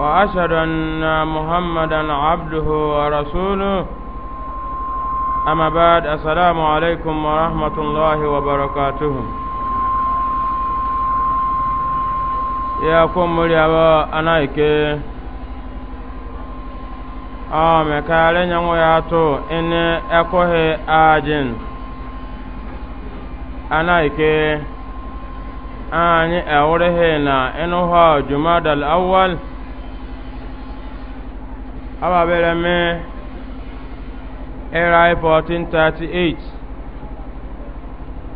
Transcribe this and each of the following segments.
Abduhu wa wa wa asana mohamad adurasulu ambad A alekalhiwarktu akwomuri anahke ọmekar nyanwụya ajin. nekoghị anahke anyị wurhi na nụhọ jumad aal aba bere me 1438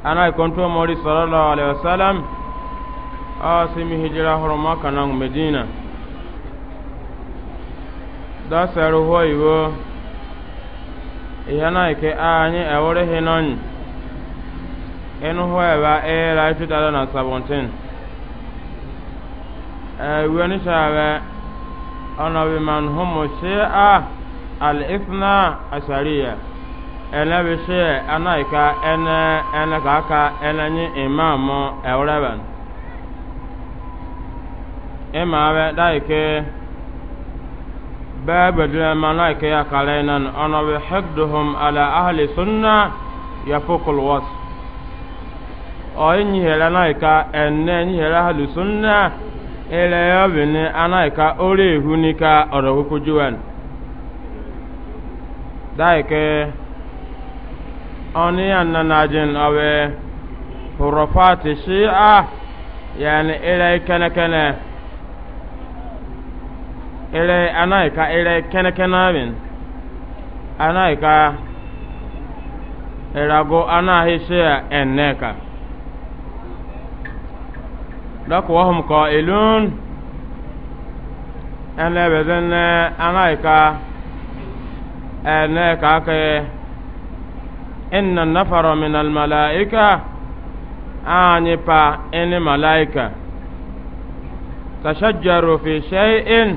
ana ikonto mori sallallahu alaihi wasallam a simi hijira horo maka na medina da saru hoiwo ihana ike anyi ewore hinon enu hoeba era 2017 ewe ni sabe ana bi man humu shi'a al ithna ashariya ene bi shi ana ika ene ene ka aka ene nyi imam ewreben ima abe da ike babu dila mana ike ya kare nan ana bi hidduhum ala ahli sunna ya fukul wasu o yi nyihere na ika ene nyihere ahli sunna ele ya bene anaika ore ehu ni ka oro kuku juwan daike oni anna najin awe hurufati shi'a yani ile kene kene ile anaika ile kene kene bin anaika irago anahi shi'a ka. dɔk wɔhum kɔilun ɛnɛ bɛ zɛnɛ aŋai ka ɛnɛ kaa kɛ inna nafaro min almalaika aanyi pa ɛni malaika tashajjaru fi shay'in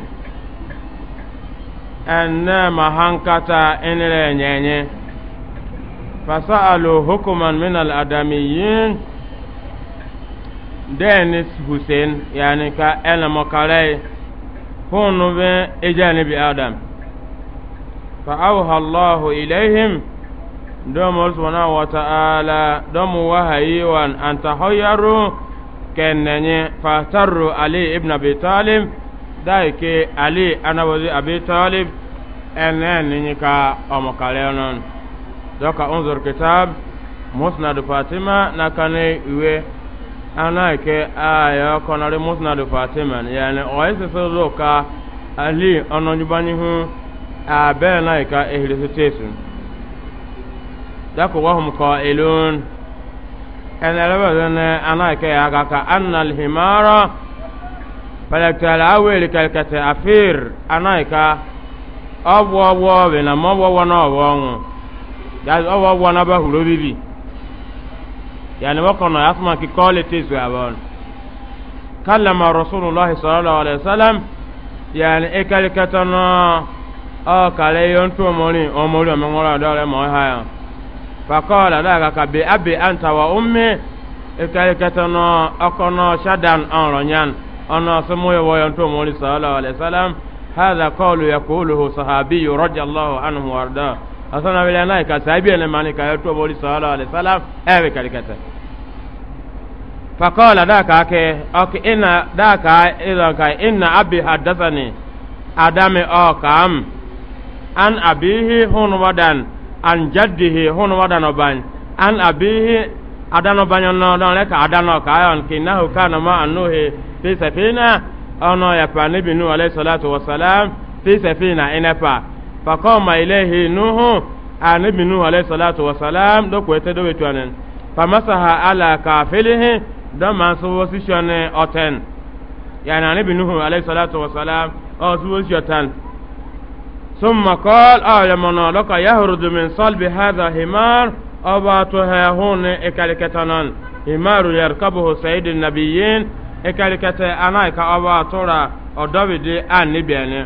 ɛnɛ mahankata ɛni lɛ nyɛnyi fasa'alu hukuman min aladamiyin deni Hussein yani ka ena makarai hunu be ejani bi Adam fa awha Allah ilaihim domo subhanahu wa ta'ala domo wahayi wan antahayyaru kennenye fatarru Ali ibn Abi Talib daike Ali anabazi Abi Talib enenni ka omokare non doka unzur kitab musnad Fatima nakane iwe ana ke aya konare musna do fatima yani o ese so do ka ali ono jubani hu abe na ka ehli tesu dako wahum qailun ana raba zana ana ke aga ka anna al himara falakta al awil kalkata afir ana ka obwo obwo be na mobwo wona obwo ngu daz obwo wona ba huro bibi yani wakono asma ki kole tisu abon kallama rasulullah sallallahu alaihi wasallam yani e kale katana o kale yon to moni o mori o ngora dole mo haya faqala daga ka bi abi anta wa ummi e kale katana akono shadan onronyan ono sumoyo wo yon to mori sallallahu alaihi wasallam hadha qawlu yaquluhu sahabi radiyallahu anhu warda asana wele ana ka sahibi ele mani ka yoto boli sallallahu alaihi wasallam ewe kalikata faqala da ka ke ok ina da ka ila ka inna abi hadathani adame o kam an abihi hun wadan an jaddihi hun wadan oban an abihi adano banyo no don leka adano ka yon kinahu kana ma anuhi fi safina ono ya pa nabi alayhi salatu wasalam fi safina inafa fakoma ilehi nuhu anabi nuhu alayhi salatu wa salam do ko ete do betuanen famasaha ala kafilihi do man so wosi shone oten yani anabi nuhu alayhi salatu wa salam o so wosi oten ثم قال أعلى منالك يهرد من صلب هذا همار أباته هون إكالكتنان همار يركبه سيد النبيين إكالكت أنايك أباتورا أدوبدي أن نبيني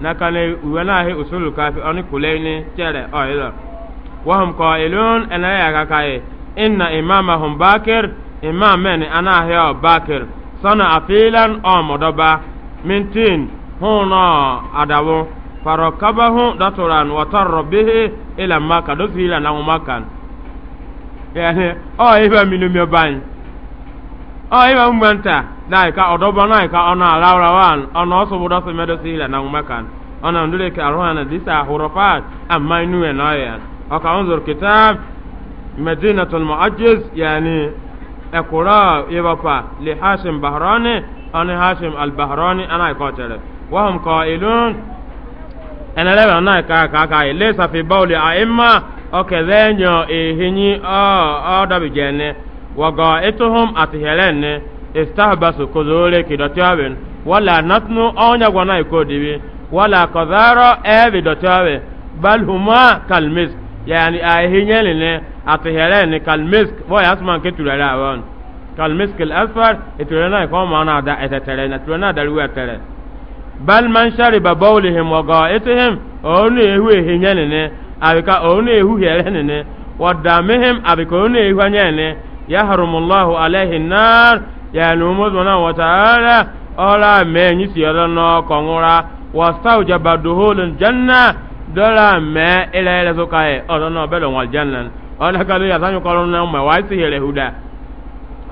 nakane uwenahi usulu kafi oni kuleni tere oilo wahum qailun ana e yaga kai e. inna imamahum bakir imam men ana hiya bakir sana afilan o modoba mintin hono adawo farakabahu daturan wa tarra bihi ila maka do fila na makan yani o ifa minu mi ọ ibe mgbe nta daika ọdọba naika ọna alaura wan ọna ọsọ bụ dọsọ medosi ila na umakan ọna ndule ka aruha na disa hurufat amma inu ya na ya ọka unzur kitab madinatul mu'ajjiz yani ekura ibapa li hashim bahrani ọni hashim al bahrani ana ikotere wahum qailun enelebe na ka ka ka ile safi bauli a imma ọkẹzẹ enyo ehinyi ọ ọ dabijene waga istahbasu kozore wala natnu onya gwana wala evi dotiawe bal huma kalmisk yani ahinyelene kalmisk asman kalmisk da etetere na tere bal man shariba bawlihim wa ga'itihim onu ehu ehinyelene abika onu ehu helene wa damihim abika onu ehu yaharumullahu alaihi nar yani umar subhanahu wa ta'ala ọla mee nyi si yọrọ n'ọkọ nwụra wasau jaba duhulun janna dọla mee ila ila so kae ọdọ na ọbẹlẹ wọn janna ọdọ kalu yasa nyi kọrọ na mẹ wa si yẹrẹ huda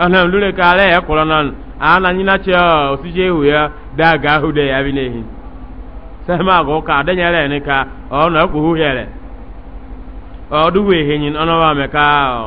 ọdọ lule ka ala yẹ kọrọ nan ana nyina kye ọ osije ihu ya daa huda ya bi n'ehi sẹmẹ agọ ka adanyẹrẹ ni ka ọ ẹkọ hu yẹrẹ ọdọ wo ehenyin ọnọ wa mẹ kaa ọ.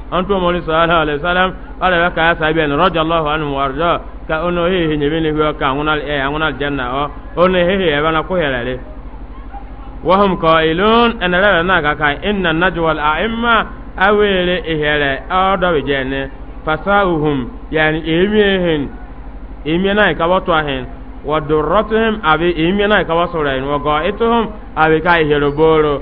antu mɔni sallallahu alaihi wasallam ala bɛ kaya sabi ɛni rɔja allahu anhu ka ono hehe nyebe ni ka ŋuna ɛ ŋuna janna ɔ ono ko yɛlɛ le wahum qailun ɛnɛ lɛ na ka ka inna najwal a'imma ihere ihɛrɛ ɔ bi jɛ fasauhum yani emiehen emiena ka bɔ to ahen wa durratuhum abi emiena ka wa abi ka ihere boro.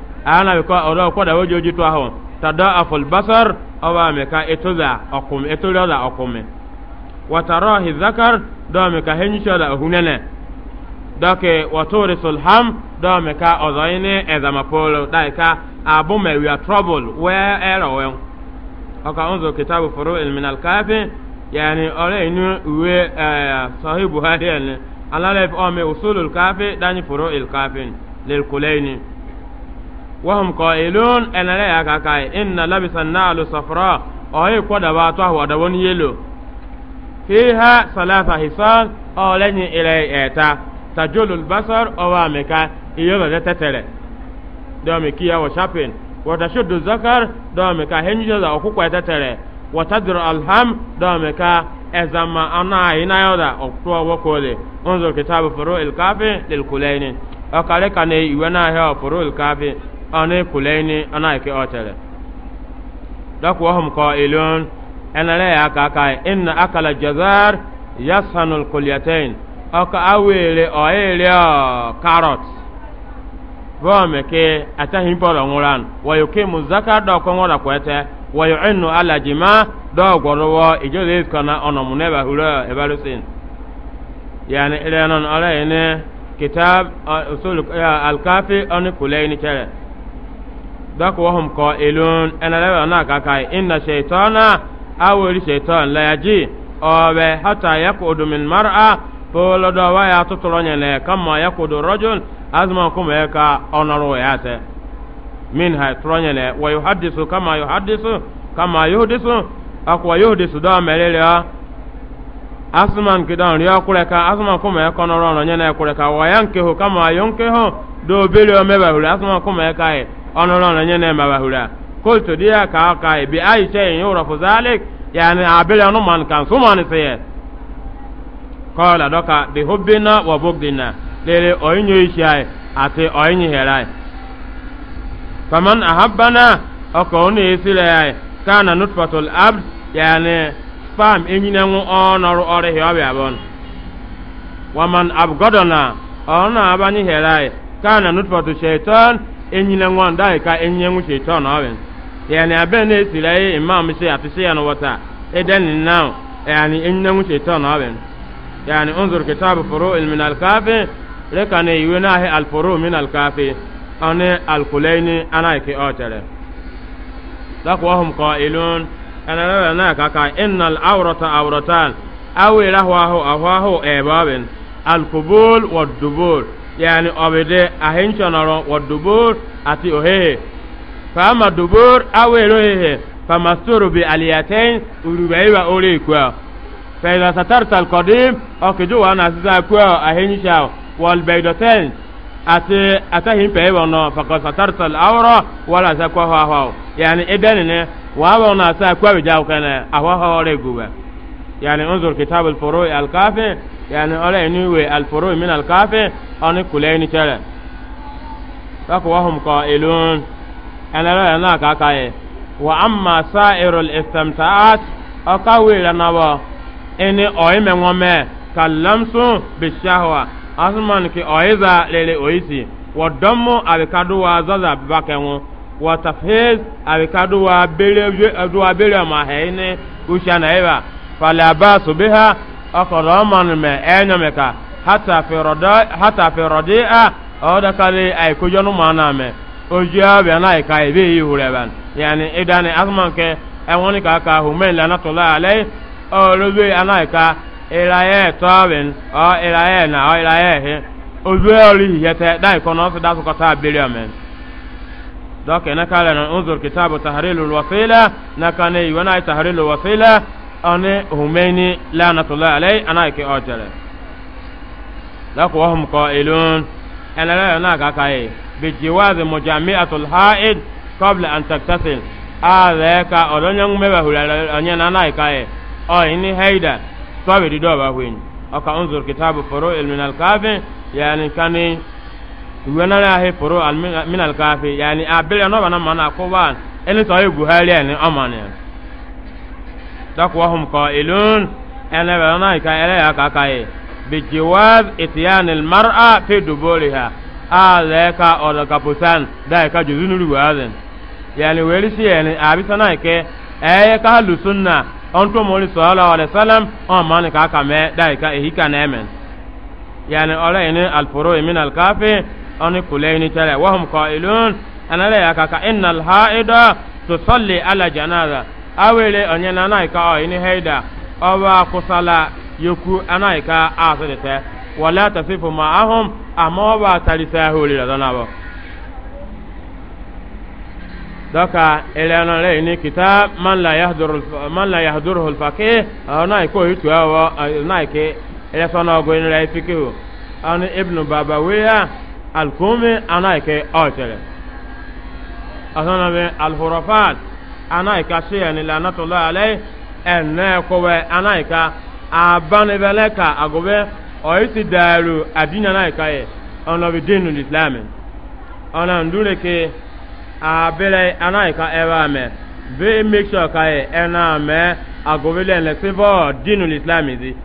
ana bi ko odo ko da wojoji to ahon tada aful basar awa me ka etoza okum etoro da okume wa tarahi zakar do me ka henyu shola hunene dake wa turisul ham do me ka ozoine ezamapolo dai ka abu me we are trouble where era we aka unzo kitabu furu min al kafi yani ore inu we uh, eh, sahibu hadiyan alala ome usulul kafi dani furu al kafin lil kulaini وهم قائلون أنا لا يكاكاي إن لبس النعل صفراء أهي قد باتوه ودون يلو فيها ثلاثة حصان أو لن إلي إيتا تجول البصر أو أمكا إيوه تتلي دومي كيا وشابين وتشد الذكر دومي كا هنجزا أكوكو تتلي وتدر الهم دومي كا أزما أنا هنا يودا أكتوا وكولي انظر كتاب فروع الكافي للكولين أكالي كان يوانا هيو فروع الكافي ani kulaini ana ke otere dako wahum qailun ana la ya ka kai inna akala jazar yashanu alqulyatain aka awele oele carrot bome ke atahin polo nguran wayukimu zakat do ko ngora kwete wayu'innu ala jima do gorowo ijole kana ono muneba hura ebalusin yani ile non ala ene kitab usul al-kafi on kulaini kere dɔk wahum qailun ɛna lɛ na ka kai inna shaytana awori shaytan la yaji hata yakudu min mar'a polo dɔ wa ya tuturo nyɛlɛ kama yakudu rajul azma kuma ya ka ɔnɔro ya tɛ min ha turo nyɛlɛ wa kama yuhaddisu kama akwa dɔ ka kuma ya nɔ nyɛlɛ ka wa kama yankehu do bele o mɛbɛ hulu asman kuma onono na nyene mabahura kultu dia ka ka bi ai shay yurafu zalik yani abila no man kan suman saye qala doka bi hubbina wa na lele oyinyo ishai ati oyinyi herai faman ahabbana oko oni isile kana nutfatul abd yaani spam enyinanwu ọnọrụ ọrịa ọbịa abụọ waman abgodona ọna abanye na kana nutfatu shaitan enyina ngwan da ka enyen wo shaitan awen yani aben ne sirai imam shi atisi ya no wata edan now yani enyina wo shaitan awen yani unzur kitab furu' min al-kafi lekane yiwena he al-furu' min al-kafi ane al-kulaini ana ke otere lakwahum qailun ana rara na kaka innal awrata awratan awira huwa huwa huwa ebaben al-qubul wad-dubul yani obede ahinchonoro wa dubur ati ohehe fama dubur awero hehe famasturu bi aliyatain urubaiwa ore kwa فإذا سترت القديم أكجو أنا سيزاكوا أهنشا والبيضتين أتي أتهم بيبونا فقد سترت الأورا ولا سكوا هو هو يعني إدنني وابونا سكوا بجاوكنا أهو هو ريقوا يعني انظر كتاب الفروع الكافي yani ala inuwe alfuru min alkafe ani kulaini tare sako wahum qailun ana la na ka kae wa amma sa'irul istimta'at akawe lanawa ene oime ngome kallamsu bishahwa asman ki oiza lele oisi wa dammu abikaduwa zaza bakenwo wa tafhiz abikaduwa bele aduwa bele ma heine ushana eba fala basu biha akɔdɔ manu mɛ ɛnyɔmɛ ka hata fɛ rɔdi a ɔdakali ayi kojɔnu mana mɛ ojuya bɛ n'a ye ka ye bɛ yi wulɛ bɛ yanni idani asuman kɛ ɛwɔni ka ka humɛn lana tɔla ale ɔlɔbi ana ye ka ilayɛ tɔbin ɔ ilayɛ na ɔ ilayɛ he ojuya olu yɛtɛ n'a ye kɔnɔ ɔsi dasu ka taa biriya mɛ dɔkɛ ne k'ale na unzur kitabu taharilu wasila na kane iwe n'a ye taharilu wasila. onu ọhụrụ lanatola la ana atụlọ ya na-eke e. ọ chere dọkụ ọ hụ na-aka eke ọ chere mujami ndo ya na-aka eke ọ chere mụ chami atụl ha a-adịga ọ dọọ ya ọṅụ mebe ọhụrụ na ana eke ọ ịnị ha ịda twa bedi dọọrọ ọ baa bu furu ilmin mịnal kafi kani yaa nị kani yaa yaa nị kani yaa bili na mụ ọ na akụwari ọnụ saa ị gu dɔk wahum qailun ɛnɛ bɛ na ka ɛlɛ ya ka ka ye bi jawab itiyan al mar'a fi duburiha a lɛ ka ɔlɔ ka pusan da ka juzunu ruwazen yani weli si yani abi sana ke ɛyɛ ka lu sunna on to sallallahu alaihi wasallam on man ka ka me da ka ehi ka na yani ɔlɛ ini al furu min al kafi on kulaini tare wahum qailun ana lɛ ya ka ka innal haida tusalli ala janaza awele onye na anaghị ka ọ ini heida ọba akwụsala yoku anaghị ka asịrịte wala tasifu ma ahụm ama ọba atarịsị ahụ oliri ọzọ nabọ dọka ịlẹnọ rẹ ni kita manla la yahduru hulfaki ọ náà kó hitu awọ náà ké ẹlẹsọnà ọgọ ìnira ifikihu ọni ibnu baba wíyà alkumi anáà ké ọ̀tẹ̀lẹ̀ ọ̀sán náà bẹ alhurafat anaika sheyani lanatullah alayhi ene kowe anaika abanibele ka agobe oisi daru adini anaika ye ono bi dinu islam ona ndure ke abele anaika ewa me be make ka ye ena me agobe le le sibo dinu islam izi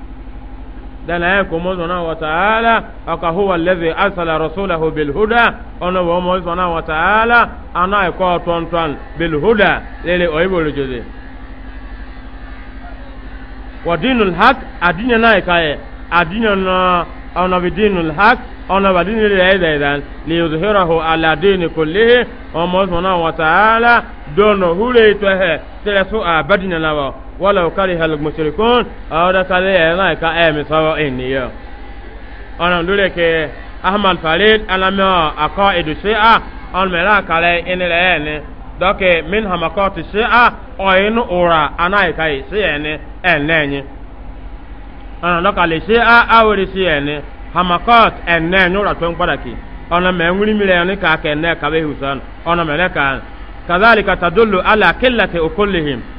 dana yake mo zona wa ta'ala aka huwa allazi arsala rasulahu bil huda ona wa mo zona wa ta'ala ana ko ton ton bil huda lele oyibo lojoze wa dinul haq adinya na ikaye adinya na ona bi dinul haq ona ba dini le ida ida li yuzhirahu ala dini kullihi wa mo zona wa ta'ala dono hule to he tele su abadinya na wa wala kari hal mushrikun awda kale yana ka e mi sawo eniyo ona ndule ke ahmad farid alama aqaidu shi'a on mera kale inire ene doke min hamakati shi'a oyinu ura anai kai shi'ene enenyi ona dokale shi'a awri shi'ene hamakat enenyi ura tun padaki ona me nwuri mire ni ka ka enne ka be husan ona me ne ka kadhalika tadullu ala qillati ukullihim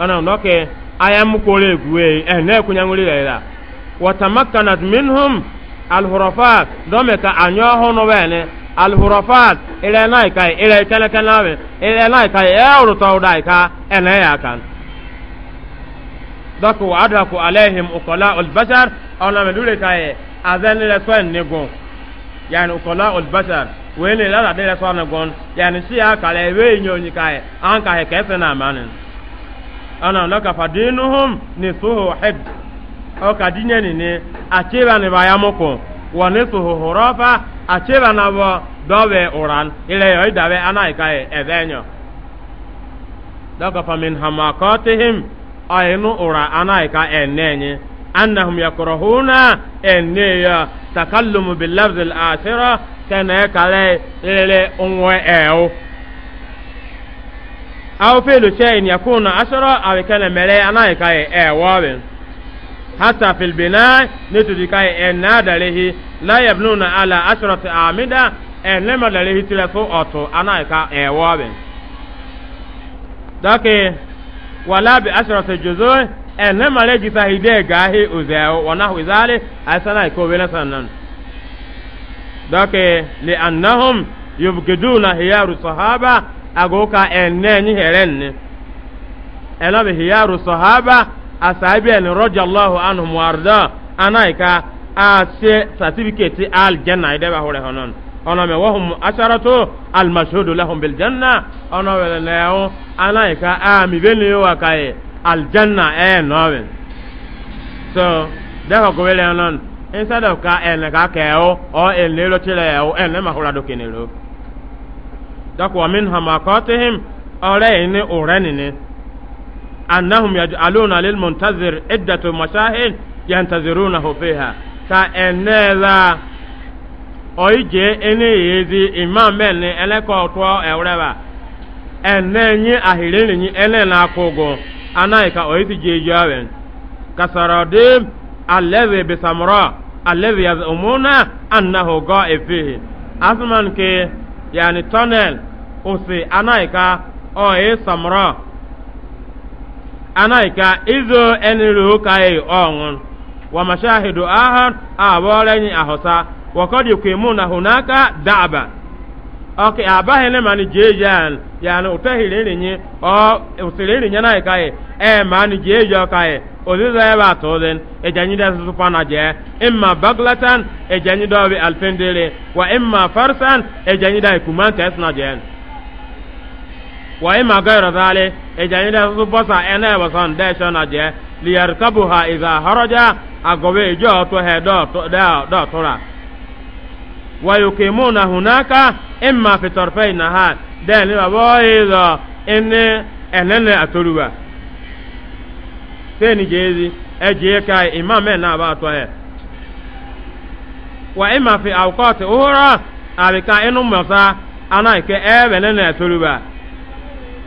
ana noke ayam kore guwe eh ne kunya nguli la wa tamakkanat minhum alhurafat dome ka anyo hono bene alhurafat ile nai kai ile kana kana be ile nai kai e uru to dai ka ene ya kan dako adraku alaihim uqala albashar ona medule kai azan le so en ne gon yani uqala albashar wele la la de le so ne gon yani si akale we nyonyi kai an ka he kese na manin ana laka fadinuhum nisuhu hid o ka dinya ni ni acheba ni ba yamuko wa nisuhu hurafa acheba na bo dobe uran ile yo idabe ana ikaye ebenyo laka famin hamakatihim ayinu ura ana ika enenye annahum yakrahuna enneya takallumu bil lafz al ashira kana kale ile unwe ewo aw fi'lu shay'in yakunu ashara aw kana mele ana kai e wawin hatta fil bina ne tudi kai e na dalehi la yabnuna ala ashrati amida e ne ma dalehi tira so oto ana ka e wawin dake wala bi ashrati juzui e ne ma le gisa hide gahi uzeo wana huizale asana ko bela sanan dake li annahum yubgiduna hiyaru sahaba agoka enne ni herenne ela be hiyaru sahaba asabi en radiyallahu anhum warda anaika a se certificate al janna ide ba hore honon ono me wahum asharatu al mashhudu lahum bil janna Ona wele leo anaika a mi beni wa kai al janna e noven so dawa ko wele honon instead of ka en ka keo o en lelo chile o en ma hora do kenelo dako amin hamakotihim ore ni ureni ni annahum yaj'aluna lil muntazir iddatu mashahin yantazirunahu fiha ka enela oije ene yezi imam men eleko to eureba enenyi ahireni ni enena akogo anaika oiti jejawen kasaradim alladhi bisamra alladhi yazumuna annahu ga'ib fihi asman ke yani tunnel ose anaika ọ e samra anaika izo eniru ka e ọnwụ wa mashahidu aha abọrọ enyi ahosa wakọdi kwemu na hunaka daba ọkị abaghị ne mani jee yan yani utahiri irinyi ọ usiri irinyi na ika e e mani jee yo ka e oziza ebe atụ ụzị ejanyi da na pana jee imma baglatan ejanyi da obi alfendere wa imma farsan ejanyi da ikuman tes na jee wa ima gayra zale e jani da su basa ene basan da sha na je li yarkabuha idha haraja agobe jo to he do to da do tora wa yuqimuna hunaka imma fi tarfay nahar da e ni e ba boy da ene enene atoruwa fi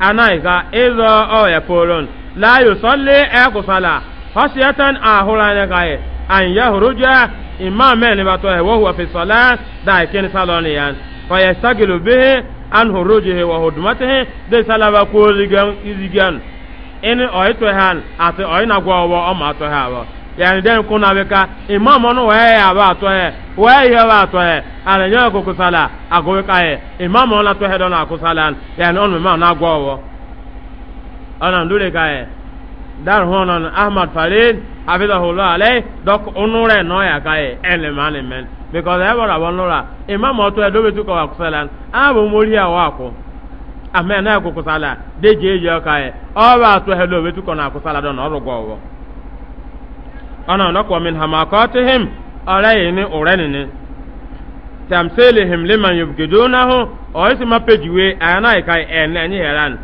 anaika ịzọ ọya polon la yusalli ekusala fasiyatan ahuranya kai an yahuruja imam men bato he wahuwa fi salat da ikin saloni yan fa yastagilu bihi an hurujihi wa salaba izigan ma ha yani den kuna beka imam ono wae aba to he wae he aba to he ala nyo ko kusala ago ka he imam ono to he dona kusala yani ono ma na gwo wo ana ndule ka he dar dok onure ka he ele mane men because e wora wonura imam oto he dobe ana nakwa min hamakatihim arayini urenini tamsilihim liman yubgidunahu oyisi mapejiwe ayana ikai ni heran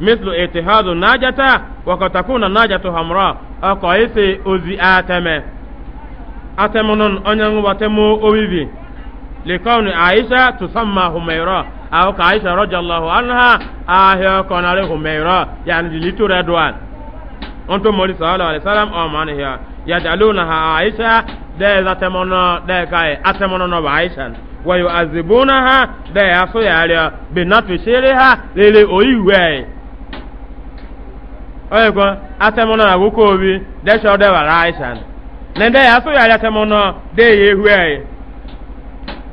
mislu itihadu najata wakatakuna najatu hamra akoyisi ozi ateme atemunun onyangu watemu owivi لكون عائشة تسمى هميرة أو كعائشة رضي الله عنها آه كونالي هميرة يعني لتردوان onto mori sallallahu alaihi wasallam o oh, mani ya na ha aisha da za ta mono da kai atamono no aisha wa yu'azibuna ha da ya so ya ria bi natu shiri ha lele oyiwe oye ko atamono na woko obi da sho da wa aisha ne da ya so ya ria atamono da ye huwe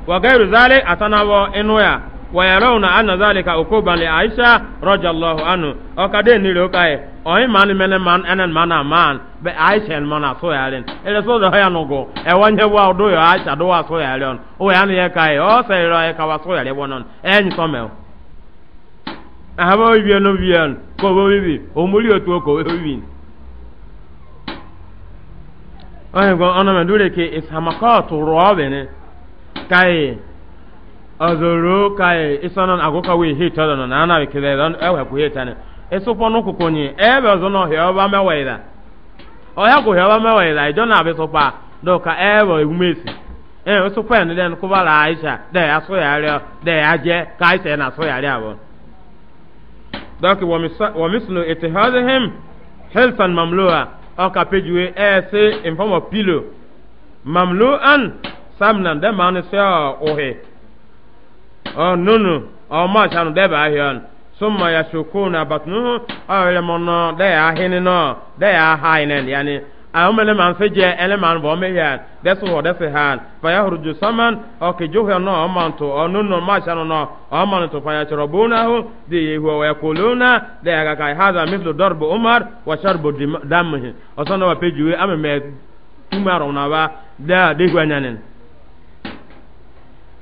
wa gairu zalik atanawo inuya wayarawna anna dhalika ukuban li aisha radiyallahu anhu o kade ni ro kai o yi man mene man enen mana man be aisha en mana so yaren ele so do ya nugo e wanye wa do yo aisha do wa so yaren o ya ni kai o se ro e ka wa so yare wonon en so me ahaba wi bi no bi ko bo bi o muri otu ko o wi o go ona me dure ke ishamakatu rawbene kai ozoro kai isanan agoka we he todo no don e we ku he tane esopo no kukonyi e be ozo no ọhịa oba me we ida o e, ya ku he oba me na be sopa do umesi e osopo en den ku bala aisha ya na so ya re abo donc wa mislu itihadihim hilfan mamlua pejuwe e, Ọnụnụ ọma chanu debe ahịa summa ya shuku na batnuhu ọrịa mọnọ dee nọ dee aha inen yani ahum ele ya desu ho desu han fa ya hurju saman o ke juhe no o man to o nun no ya chorobuna di ye ho wa kuluna de ga kai hada mithlu umar wa na na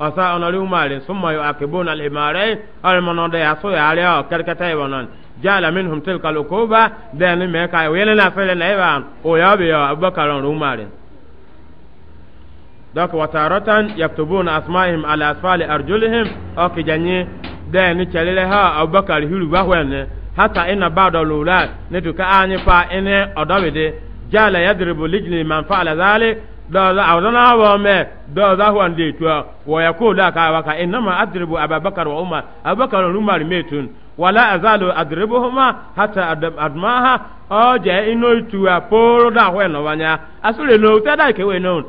asa onalu mari summa yuakibuna al-imarain al manode aso ya ale o kerkata ibonan jala minhum tilka al-uquba dani me ka yele na fele na iban o ya be ya abubakar on rumari dak wataratan yaktubuna asma'ihim ala asfali arjulihim o ki janyi dani chelele ha abubakar hiru ba hwenne hata ina ba'da lula ne tuka anyi fa ene odawide jala yadribu lijli man fa'ala dhalik dɔɔza a wazana awɔ mɛ dɔɔza huwan de tuwa wɔya ko da ka waka innama adribu ababakar wa umar ababakar wa umar me tun wala azalu adribu huma hata admaha ɔjɛ ino tuwa poro da eh, ah, huwa no eh, wanya asure no ta da no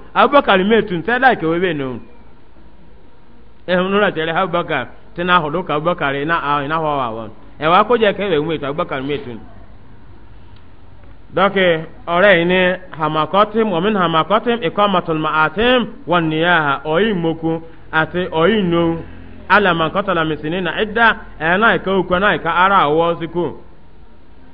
ababakar tun no ababakar ka ababakar ina ina ababakar tun dɔke ɔrɛ ini hamakɔtim wɔmin hamakɔtim ikɔmatul ma'atim wɔn niyaha ɔyi moku ati ɔyi nou ala man kɔtala misini na idda ɛna ika ukwa na ika ara awɔ siku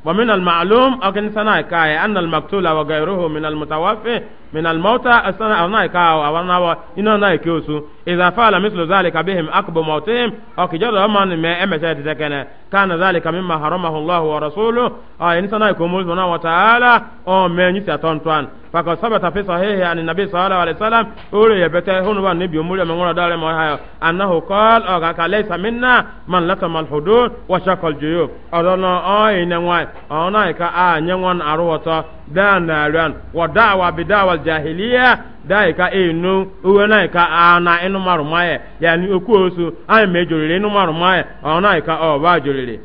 ومن المعلوم أكن سنة كاي أن المقتول وغيره من المتوفي من الموتى السنة أو نايكا أو أو ناوا إنه نايكيوسو إذا فعل مثل ذلك بهم أكبر موتهم أو كجر من ما أمسى تتكنا كان ذلك مما حرمه الله ورسوله آه إنسان يكون سبحانه وتعالى أو من يسيطان توان فقد ثبت في صحيح عن النبي صلى الله عليه وسلم أولي يبتع هنوى النبي مولي من وراء دار مهايو أنه قال أغاك ليس منا من لتم الحدود وشق الجيوب أدونا آه إنوى أو نايك آه نيوان أروتا da naran wa da'wa bi daawa jahiliya da ka inu uwe na ka ana inu marumaye yani oku osu ayi mejorire inu marumaye ona ka o ba jorire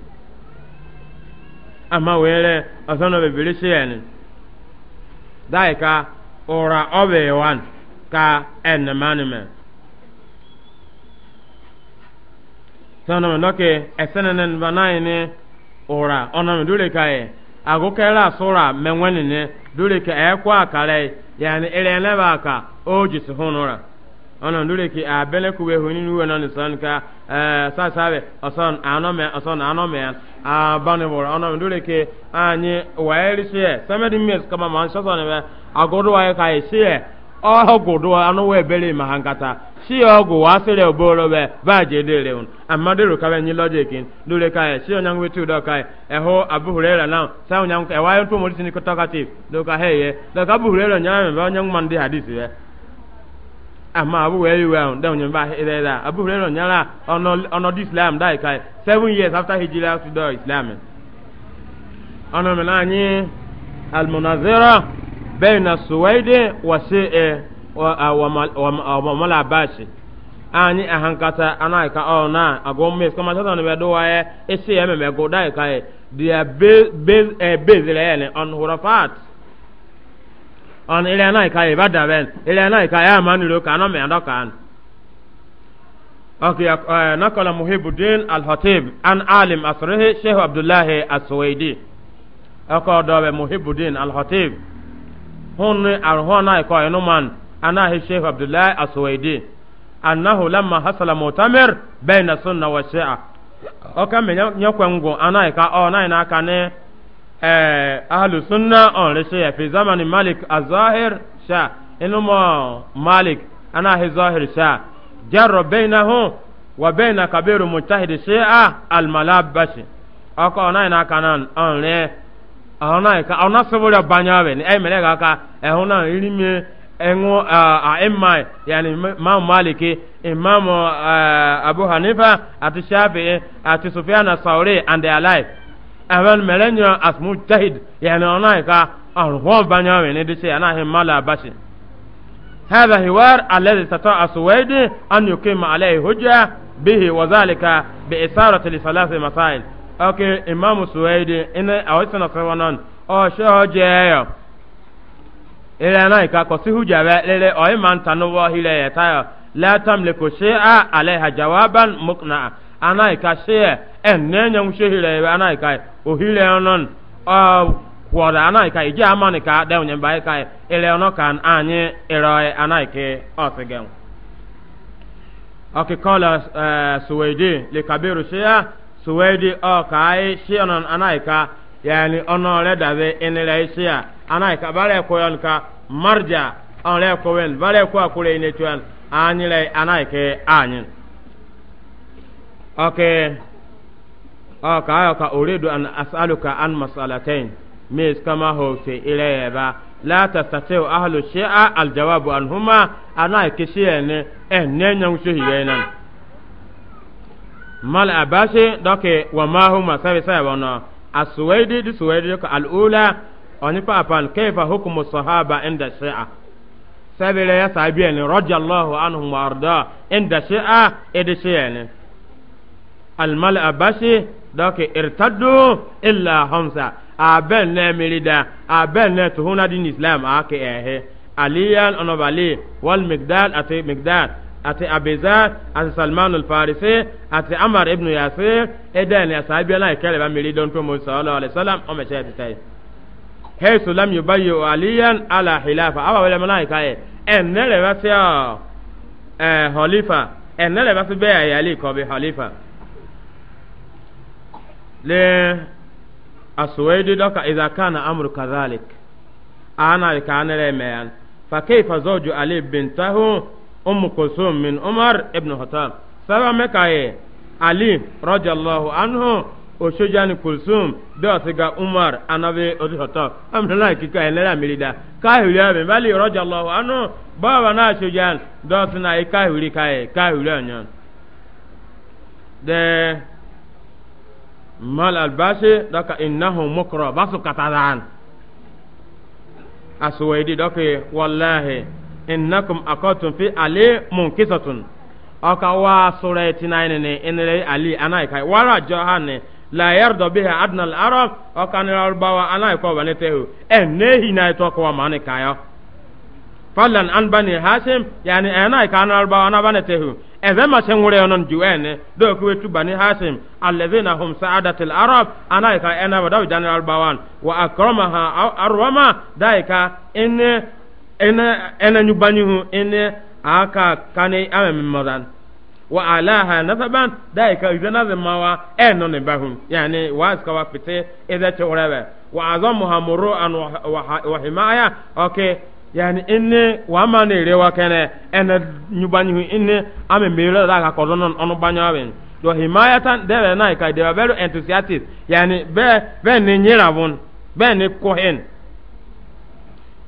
ama were asana bebere daa da ka ora obe wan ka enmanime sanama noke esenenen banaini ora onami dule kaye agụkela sụra menwenene durike ekwa akare yani ireneba ka o jisi hunura n'ụra durike abele kuwe huni nuwe na nisan ka eh, sasabe oson anome oson anome abanibor ona durike anyi waelishe semedi mes kama man n'ebe agodo ka e e, ọgwụ dụ anụ wee bere ma ha nkata si ọgwụ wa asịrị oboro bụ baaji edere un amadịrụ kawe nyi lọjik lure kae si onye nwete udo kae ehu abụhurera na sa onye nkwa ewa ntụ mori sinikọ tọkatif dọka ha dọka doka abụhurera onye ahụ mbe onye nwa ndị hadisi ya ama abu wee iwe ahụ ndị onye ịra edera abụhurera onye ara ọnọdụ islam dai kae seven years after hijira to do islam ọnụ mere anyị almonazera بين سويد وسيء وملا باشي ani ahankata ana ka oh na ago mes kama sasa ne bedo wa e se ya me go dai kai dia be be e be zile on ile na kai bada ben ile na kai ya manu lo kana me ando kan okay nakala muhibuddin al-hatib an alim asrihi sheikh abdullah hun arho na ko eno man ana he sheikh abdullah aswaidi annahu hasala mu'tamir baina sunna wa shi'a o kan me nyakwango ana ka Ọ na ka ne eh ahlu sunna on re shi'a fi zamani malik az-zahir sha eno mo malik ana zahir sha jarra bainahu ahona eh, ka ahona eh, sebora banya be ne emere ga ka ehona irime enwo eh, a ah, emma yani imam maliki imam abu hanifa ati shafi ati sufyan as-sauri and their life aban melenyo as mujtahid yani ahona ka ahona banya be ne dice ana him mala bashi هذا حوار الذي استطاع السويدي أن يقيم عليه هجة به وذلك بإثارة لثلاث مسائل ok imam suwaidi ina a wasu na sarwa nan o shi o je yo ila na ka ko si huja ba lele o nta tanu wa hile ya ta la tamliku shay'a alaiha jawaban mukna ana ka shay'a en ne nya mu shehile ba ana ka o hile non o kwọrọ ana ka ije amani ka da onye mba ka ile ono kan anyị iroi ana ke osigem ok kola uh, suwaidi likabiru shay'a suwedi o kai sionon anaika yani ono le dabe inira isia anaika bare koyon ka marja on le kowen bare ko akure ine tuan anyire anaike anyin okay o kai ka uridu an as'aluka an mas'alatain mis kama ho se ile ba la tastatiu ahlu shi'a aljawabu anhuma anaike shi'ene en eh, nenyan shuhi yenan mal abashe doke wa ma huma sabe sabe wana aswaidi di suwaidi ka alula oni pa apan kaifa hukumu sahaba inda shi'a sabira ya sabiya ne radiyallahu anhum wa arda inda shi'a edi shi'a ne al mal abashe doke irtaddu illa hamsa aben ne mirida aben ne tuhuna din islam ake ehe aliyan onobali wal migdal ate migdal ati abizar ati salman alfarisi ati amar ibn yasir ɛdɛ ni asaabi ala ikɛlɛ ba miri don tó musa ɔlɔ alayhi salam ɔmɛ kyɛ ti tɛyi hesu lam yu bayi aliyan ala hilafa awa wɛlɛ mana ika yɛ ɛnɛ lɛ bɛ se ɛɛ hɔlifa ɛnɛ lɛ bɛ se bɛyɛ yali kɔbi hɔlifa le asuwaidi dɔka idakana amuru kazalik ana ika anɛrɛ mɛyan fa keifa zɔju ali bintahu ummu kulsum min umar ibn khattab saba mekaye ali radiyallahu anhu o sojani kulsum dɔɔsiga umar anabi odi khattab amina kika yɛn lɛla mirida kahuri abin bali radiyallahu anhu baba na sojan dɔɔsina yi kahuri kaye kahuri anyan de mal albashi daka innahu mukra basu katadan aswaidi dake wallahi innakum aqatum fi ali munkisatun aka wa sura tinaine ne inre ali anai kai wara johane la yardo biha adna al arab aka ni arbawa anai ko bane tehu enehi na to ko mane kayo falan an bani hashim yani e, anai kan arbawa na bane tehu ebe ma se ngure onon juene do ko wetu bani hashim allazina hum sa'adatul arab anai ka ena wadaw janal arbawan wa akramaha arwama daika in ene ene nyubani hu ene aka kane ame mmodan wa alaha nasaban daika izana zemawa eno ne bahun yani waska wa pete ida ce urabe wa azamu hamuru an wa himaya okay yani ene wa ma ne rewa kene ene nyubani hu ene ame mera da ka kodonon onu banyawen do himayatan dere naika de beru enthusiastic yani be be ne nyirabun be ne kohen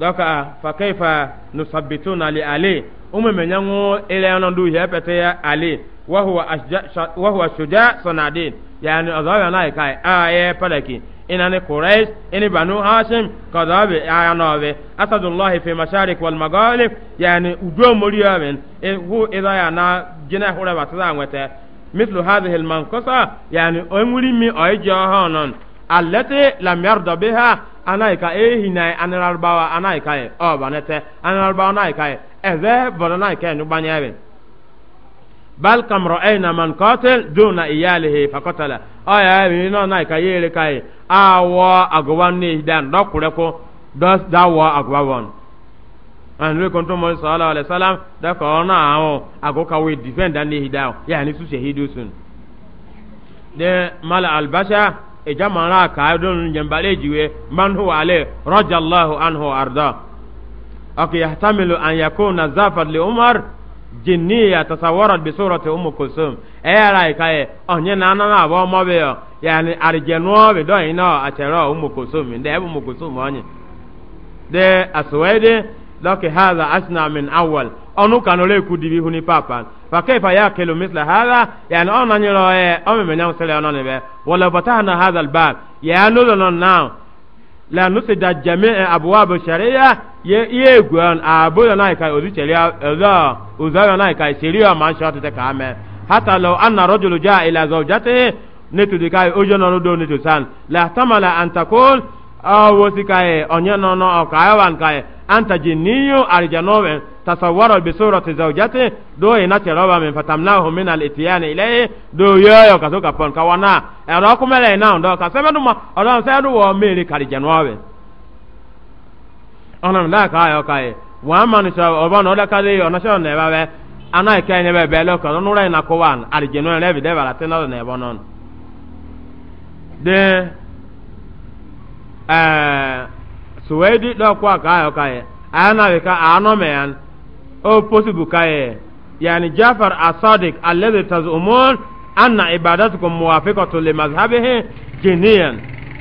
dɔka fakaifa nusabitu nali ali umu me nyango ile yana du ya pete ya ali wa huwa ashja wa huwa shuja sanadin yani azawa na kai aye palaki ina ne quraish ini banu hashim kadabe aya nawe asadullahi fi masharik wal maghalib yani udo moriya men e, hu ida yana jina hore batza ngwete مثل هذه المنقصة يعني أمري مي أيجا هونن التي لم يرضى ha anaika ehi na anararbawa anaika e obanete anararbawa anaika e eze bodo anaika e nyubanye ebe bal kam ra'ayna man qatil duna iyalihi faqatala aya ebe no anaika yere kai e. awo agwan ne hidan dokure ko dos dawo agwawon and we konto mo sallallahu alaihi wasallam da ko na awo agoka we defend ne hidan yani su shehidu sun de mala albasha ijamara ka don jambale jiwe man huwa ale radiyallahu anhu arda ak yahtamilu an yakuna zafar li umar jinniya tasawarat bi surati umm kulsum e, ayara kai e, onye na na na bo mo be yani arjenu be do ina atero umm kulsum de umm kulsum onye de aswede لك هذا أسنى من أول أنو كانوا لي كودي هني بابا فكيف يأكل مثل هذا يعني أنا نرى أم من يوم سلي أنا نبي ولا فتحنا هذا الباب يعني لنا نعم لا نسد جميع أبواب الشريعة يقول أبو ينايك أزو شريعة أزو أزو ينايك شريعة ما شاءت تكامل حتى لو أن رجل جاء إلى زوجته نتو دكاي أجنون دون نتو سان لا احتمل أن تقول awosi kaye onye no no ka awan kaye anta jinniyu arjanoven tasawwara bi surati zawjati do ina tiroba min fatamnahu min al ityan ilayhi do yoyo kaso ka pon ka wana ero kumele na ndo ka sebe duma oro se wo mele karjanoven ona la ka ayo kaye wa man sha oba no da kale ona sha ne ba be ana ka ne be be lo ka no ra ina ko wan arjanoven le bi de ba la tenalo ne bonon de ɛɛ eh, suwedi dɔ kɔ a kaa yɔ ka yɛ a na bi ka a nɔ mɛ yan o posibu ka yɛ yani jafar asadik alɛbi tazumun anna ibadatu ko muwafikatu le mazhabihi jiniyan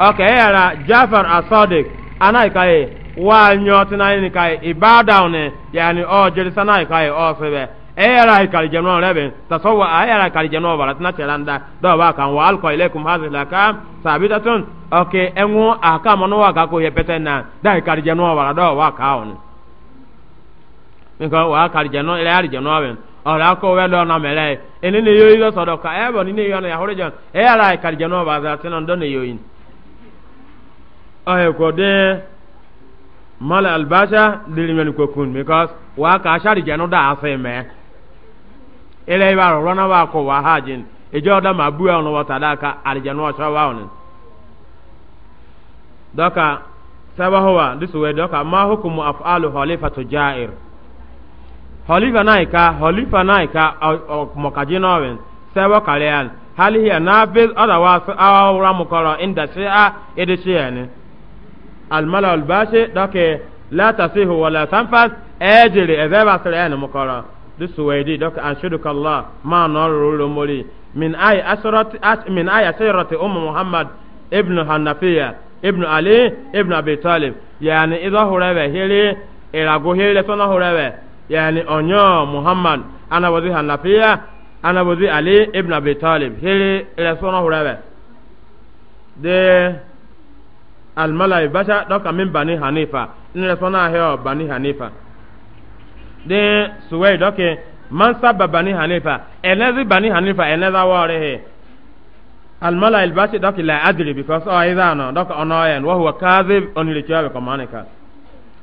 ɔkɛ e yɛrɛ jafar asadik ana yi ka yɛ waa nyɔɔtina yi ni ka yɛ ibadaw ni yani ɔ jelisana yi ka yɛ ɔ sɛbɛ. eyara ikarije no rebe tasawwa ayara ikarije no bara tina teranda do ba kan wa alqa ilaikum hadhihi lakam sabitatun okay enwo aka mono wa ga ko ye petena da ikarije no bara do wa ka on wa ile ora ko we do na mere ene ne yoyi ka ebo ni ne yo na ya ba za do ne ele ba ro rona ba ko wa hajin ejo da ma buya ono wata da ka aljanu wa shawa ono doka saba huwa disu we doka ma hukumu af'alu halifatu ja'ir halifa naika halifa naika mokajina wen saba kalean hali hiya nafiz otherwise awra mukoro inda shi'a ede shi'a ne almala albashi doke la tasihu wala tanfas ejiri ezeba sirene mukoro du suwaidi dok anshuduka allah ma nor lomori min ay asrat as, min ay asirati um muhammad ibn hanafiya ibn ali ibn abi talib yani idha hurawa hili irago hili sona hurawa yani onyo muhammad ana wazi hanafiya ana wazi ali ibn abi talib hili ila sona hurawa de al malai basha dok min bani hanifa ni sona heo bani hanifa de suwai doke man sabba bani hanifa enezi bani hanifa eneza wore he almala ilbashi doke la adri because oh, o idano doke onoyen wa huwa kadhib onilikiwa kwa manika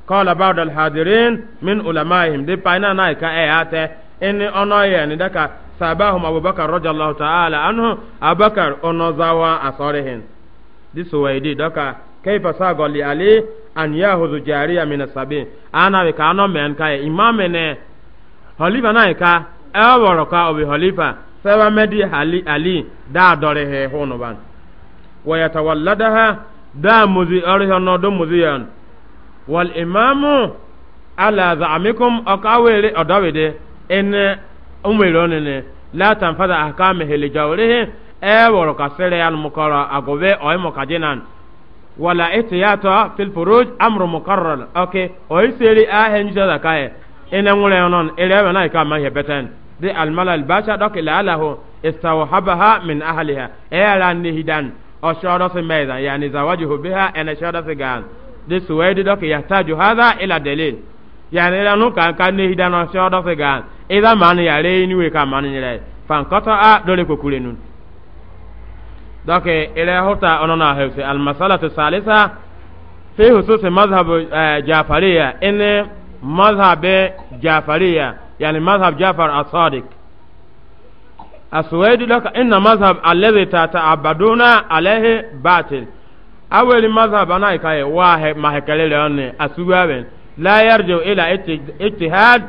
qala ba'd alhadirin min ulamaihim de paina na ka e ate en onoyen daka sabahum abubakar radiyallahu ta'ala anhu abakar onozawa asorihin disuwaidi doka kaifa sago li ali an yahudu jariya min sabi ana be kano men ka imame ne halifa na ka e woro ka obi halifa sewa medi ali ali da dore he hono ban wa yatawalladaha da muzi arihono do muziyan wal imamu ala za'amikum akawere odawede en umwere onene la tanfada ahkamihi li jawrihi e woro ka sere yan mukara wala itiyata fil furuj amru mukarrar okay o iseri a hen jada kae ina ngule non ile ba nai ka ma he beten de al malal basha dok ila alahu istawhabaha min ahliha e ala ni hidan o shodo se meza yani zawajuhu biha ana shodo se gan de suwaidi dok yahtaju hadha ila dalil yani ila no kan kan ni hidan o shodo se gan ida man ya re ni ka man ni re a dole ko kulenun donc ila hota onona hewse al masalatu salisa fi hususi mazhabu eh, jafariya in mazhabe jafariya yani mazhab jafar as-sadiq as-suwaidi laka inna mazhab alladhi tata'abbaduna alayhi batil awali mazhab ana ikaye wa he mahekelele onne asuwaben la yarju ila ittihad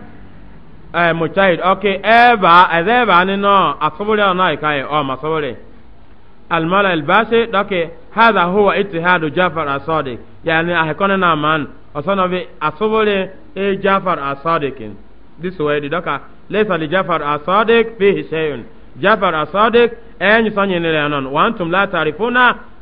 eh mujtahid okay eba azeba ni no asubule ona ikaye o masubule المال الباسي دوك هذا هو اتحاد جعفر الصادق يعني اهكون نامان اصلا في اصبولي اي جعفر الصادق this way دوك ليس لجعفر الصادق فيه شيء جعفر الصادق اين سنين لانون وانتم لا تعرفون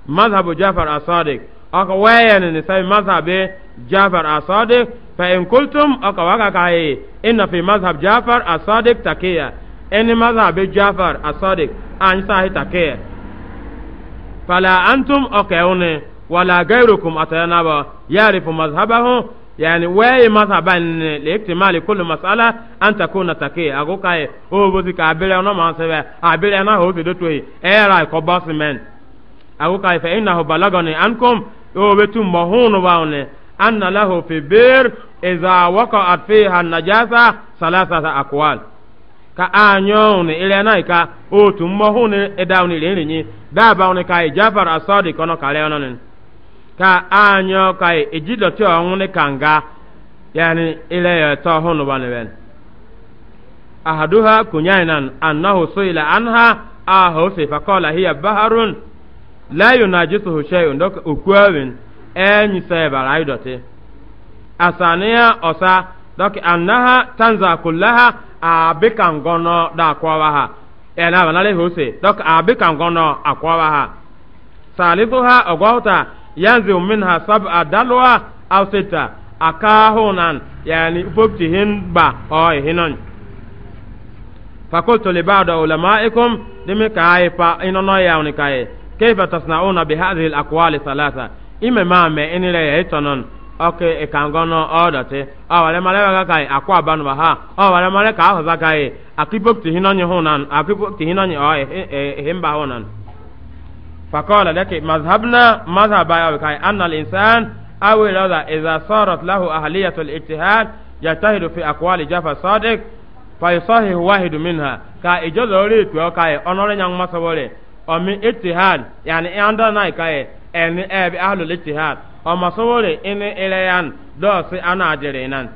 مذهب جعفر الصادق اكو وين نسي مذهب جعفر الصادق فان قلتم اكو وكاي ان في مذهب جعفر الصادق تكيه ان مذهب جعفر الصادق ان صحيح تكيه fala antum okewne wala gairukum atayanaba yarifu mazhabahu yani weye mazhaba ne liktimali kullu mas'ala an takuna taki ago kai o bozi ka abire no man sebe abire na ho do toyi era ko boss men ago kai fa innahu balagani ankum o betu mahunu baune anna lahu fi bir idha waqa'at fiha an-najasa ka anyɔn ilẹ̀ náà ka o tún mɔ hún ni ɛdáwọn ni lẹ́yìn yìí dábàá wọn ka ìjáfar asọ́ọ̀dì kọ́nà kàlẹ́ ọ̀nà ni ka anyɔ ka ìjìdọ̀tí ọ̀hún ni kànga yẹni ni bẹ́ẹ̀. ahaduha kunyainan anahu soyila anha aho sefa kɔla hiya baharun lẹ́yìn náà jésù donc annaha tanza kullaha a be kan gɔnɔ da kɔba ha ɛna e, bana le hose donc a be kan gɔnɔ a kɔba ha salisuha ɔgɔta yanzu minha sab'a dalwa aw sita akahunan yani fobtihin ba ɔɔ hinan fakultu li ba'da ulama'ikum dimi kaaye pa inono yawni kaaye kayfa tasna'una bi hadhihi al-aqwali thalatha ime ma me inire yaitonon oke ikangono odate awale male ga kai akwa banu ba ha awale male ka ho ba kai akipok ti hinonyi hunan akipok ti hinonyi o e, himba hunan faqala laki mazhabna mazhaba ya kai anna al-insan aw ila idha sarat lahu ahliyatu al-ijtihad yajtahidu fi aqwali jafa sadiq fa yusahihu wahidu ha. ka ijozo ri tu o kai onore nyang masawore omi ijtihad yani anda nai kai en ebi ahlul ọmọsowore ịnị ire ya dọọsị anụ ajịrị nan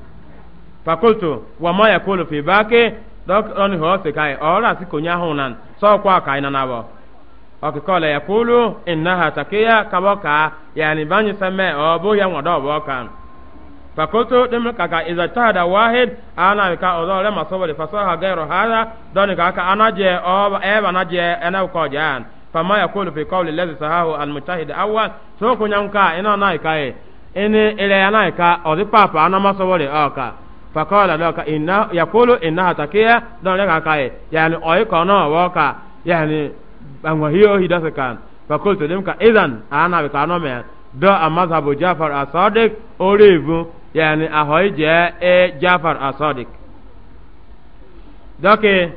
fakultu wama ya kolo fi baake dọk ọnụ hụ ọsị kaị ọrụ asị konye ahụ nan sọkwa kaị na nabọ ọkụkọ la ya kolo ịnna ha takeya kabọ ka ya ni banyị seme ọ bụ ya nwa dọọbọ kan fakultu dịm kaka izatahada wahid ana ka ọzọ ọrịa masowore fasaha gairo hada dọni ka aka anaje ọ ebe anaje ẹnẹ kọjaa fama yakulu fi qawli alladhi sahahu almujtahid awwal so kunyan ka ina na ikaye ini ile yana ka odi papa ana masowore aka fakala doka inna yakulu inna takiya don le kakaye yani oyi kono woka yani bangwa hiyo hidasa kan fakultu limka idan ana bi kano me do amazhabu jafar asadiq orivu yani ahoyi je e jafar asadiq doke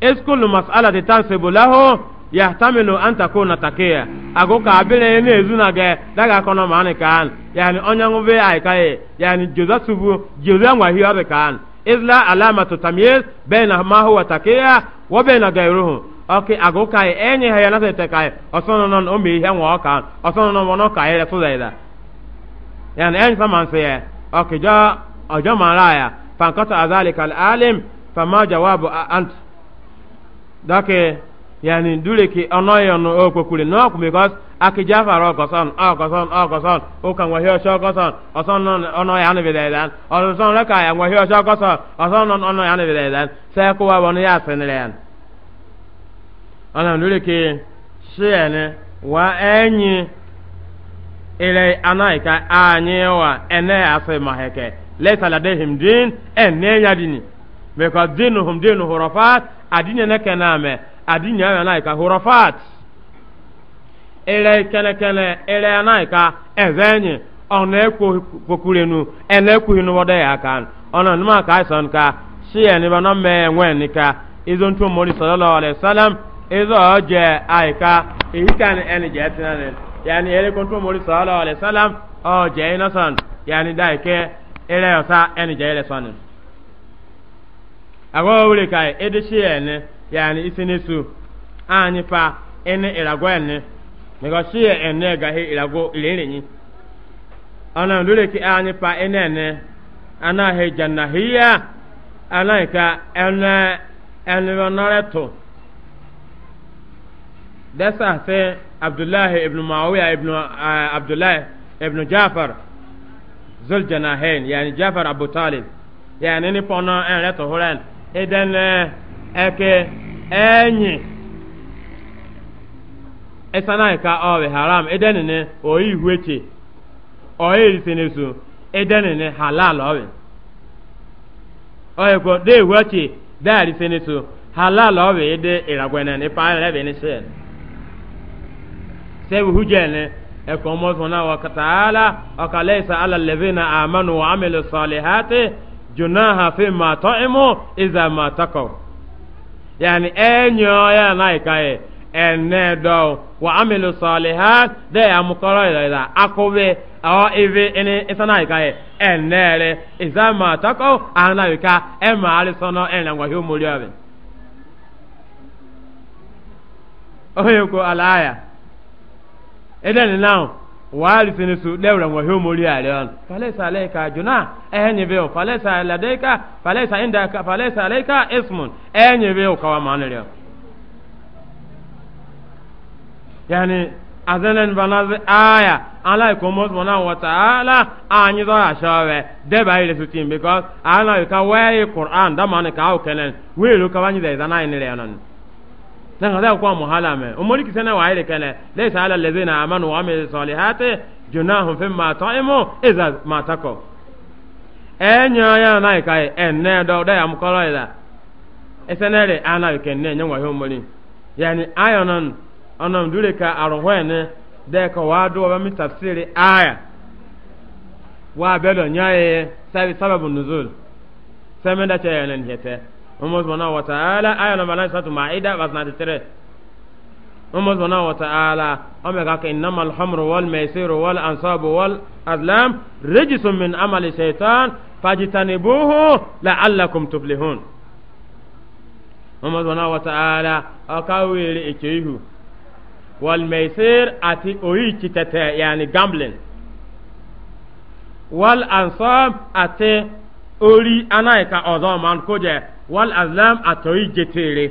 iskulu mas'alati tansibu lahu yahtamilu an takuna takiya ago ka abire ne na ge daga kono mani kan yani onyangu be ay kai yani joza subu joza ngwa hiyo be kan izla alamatu tamyiz baina ma huwa takiya wa baina gairuhu oke ago kai ha ya na tete kai osono non o mi hiya ngwa nọ osono non ị kai re tuzaida yani en faman se oke ja mara ya fankata azalika alim fama jawabu ant dọkị. yani dure ki onoyon o no ku because akija faro gosan o gosan o gosan o kan wa hiyo gosan osan n'o ono ya ne o son ka ya wa hiyo sho gosan osan ono ya ne bidan sai ko wa bon ya senle yan ana dure ki ene wa enyi ile anaika anyi wa ene maheke din because dinuhum dinu hurafat ne kename adinya ya na ka hurafat ele kene kene ele ya na ka ezenye ona ekwo pokurenu ele ekwo no wode ya kan ona numa ka ison ka shiye ni bana me enwe ni ka izo ntu mori sallallahu alaihi wasallam izo je aika ihikan eni je tinane yani ele kontu mori sallallahu alaihi wasallam o je inasan yani daike ele yosa eni je ele sonin ago wule kai edishie ne yani isini su anyi pa ene irago ene mega shiye ene ga he irago ilere ni ana ndule ki anyi pa ene ene ana he janna hiya ana ka ene ene wonore to dasa se abdullahi ibn muawiya ibn uh, abdullahi ibn jafar zul janahain yani jafar abu talib yani ni pono en reto horan eden uh, eke enyi ịsanaghị ka ọ haram edenene oyi ihweche oyi eriseneso edenene halal ọbị ihu de ihweche de eriseneso halal ọbị ede iragwenen ipa rebe ni sel sebu hujene eko mozuna wa ta'ala akalaysa ala allazina sọlị ha amilu juna ha fi ma ta'imu ịza ma taqaw yani enyo ya na ikaye ene do wa amilu salihat de ya mukoro ila ila akobe awa ive ene isana ikaye enere izama tako ana wika ema alisono ene ngwa humuli obe oyo ko alaya edeni now wali sini su lewra wa hiyo mori alon falesa alayka juna enye veo falesa aladeka falesa inda falesa alayka ismun enye veo kawa manere yani azanan banazi aya ala ikomo mona wa taala anyi do ashawe de ba ile su tim because ala ka wa qur'an da man ka o kenen we lo ka wanyi da zanai ne na nga da kwa muhala me umuri kisana wa ile kana laysa ala allazina amanu wa amilu salihati junahum fimma ta'imu iza ma takaw enya ya na ikai enne do da ya mukoro ila esenere ana ikenne nya wa humuri yani ayonon onom dure ka arwene de ka wa do ba mitafsiri aya wa belo nyaye sabi sababu nuzul semenda chayenen hete Umar subhanahu wa ta'ala aya number 9 satu Maida verse 93 Umar subhanahu wa ta'ala omega ka innamal hamru wal maisiru wal ansabu wal azlam rijsun min amali shaitan fajtanibuhu la'allakum tuflihun Umar subhanahu wa ta'ala akawiri ikihu wal maisir ati oyi kitete yani gambling wal ansab ati ori anaika ọzọ man koje wal azlam atoyi jetere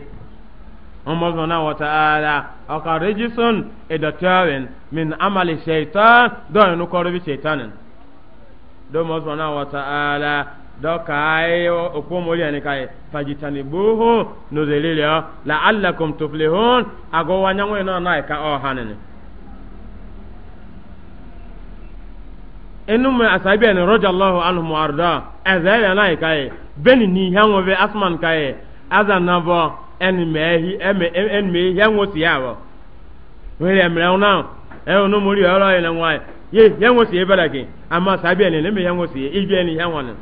ọmọ zọna wata ala ọka rejisun edotawin min amali shaitan don inu kọrọ bi shaitanin don mọ zọna wata ala dọka ayi okpo mori ani kai fajitani buhu nuzelilio la'allakum tuflihun agowanya nwe na anaika ọhanini. Oh, enum asabi en radiyallahu anhu warda azaya nai kai beni ni hanwo be asman kai azana bo en mehi en mehi hanwo tiawo wele mra una e onu muri oro ile nwai ye hanwo tie baraki amma asabi en ne me hanwo tie ibi en hanwo ne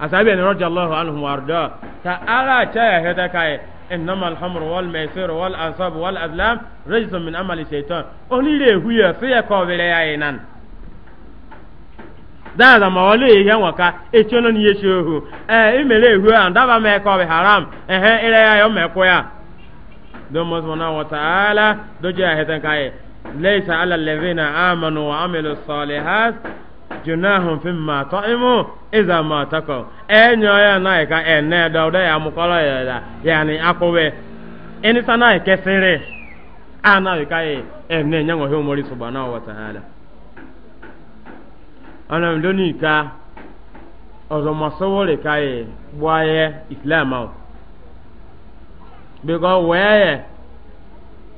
asabi en radiyallahu anhu warda ta ara cha ya heta kai إنما الخمر والميسر والأنصاب والأزلام رجس من عمل الشيطان أني لي هو سيا كوبل يا إنان dáadáa ma wọlé ihe nwaka echi ọnụ n'ihe ohu ee imere ehu a ndaba ma ẹkọ ọbị haram ehe ire ya yọ ya domo sọna wata ala doji ala wa junahum fi ma iza ma enyo ya na ka enne da da ya mukala ya da yani akowe eni sana ke sere ana ka e enne nyango he mori subhanahu wa ta'ala ana ndoni ka ozo masowole ka e bwaye islam aw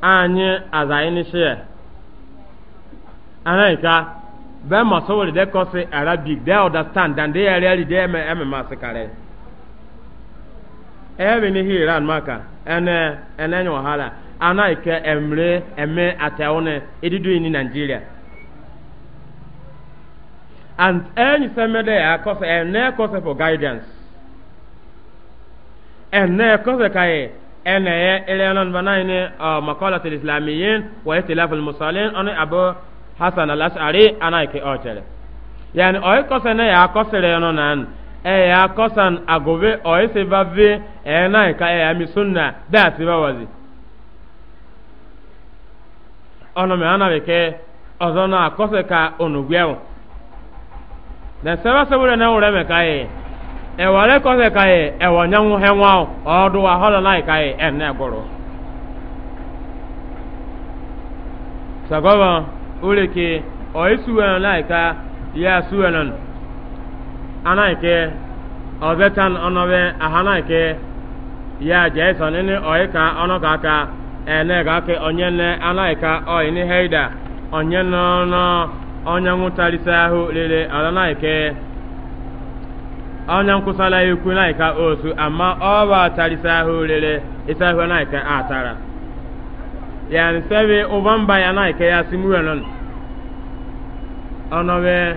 anyị aza bɛɛ ma sɔwɔli dɛ kɔsi arabic dɛ ɔdastan dande dɛ yɛrɛli dɛ ɛmɛ ɛmɛ ma se kare ɛbi ni hiran ma ka, ɛnɛ ɛnɛ nyɛ wahala ana yi kɛ ɛmre ɛmɛ atɛwo ne edidu yi ni nigeria and ɛnyi sɛmɛ dɛ ya kɔsi ɛnɛ kɔsi for guidance ɛnɛ kɔsi ka yi ɛnɛ yɛ ɛlɛnɔn bana yi ni ɔ makɔlɔ tili silamiyɛn wa ye tilafil musalin ɔni abo hasan al-asari ana ke ochere yani oy kosene ya kosere no nan e ya kosan agobe oy se bave e na ka e ya misunna da ti bawazi ono me ana be ke ozona akose ka onugwewo na seba sebure na ure me kai e wale kose kai e wonyanwu henwa odu wa hola na kai e na egoro sagoba ureke o isuwen laika ya suwenon anaike ozetan onobe ahanaike ya jason ini oika onoka ka ene ga ke onyenne anaika oini heida onyenne no onye nwụtarịsa ahụ lere ala naike onye nkwụsala ikwu naika osu ama ọ bụ atarịsa ahụ rere isa ahụ naika atara yani sɛbi ɔbamba ya na ikɛ ya asị nɔn ɔnɔ bɛ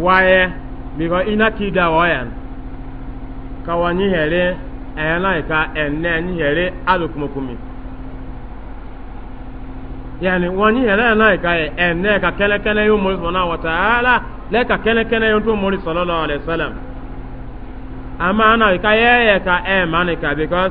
wayɛ bikɔ ina kida ka wa nyihɛri ɛyɛ na ika ɛnɛ nyihɛri alo kumokumi yani wa nyihɛri ɛyɛ na ika yɛ ɛnɛ ka kɛnɛkɛnɛ yi omori sɔnna wata ala lɛ ka kɛnɛkɛnɛ yi to omori sɔlɔ lɔ ama ana ika yɛ yɛ ka ma ni ka bikɔ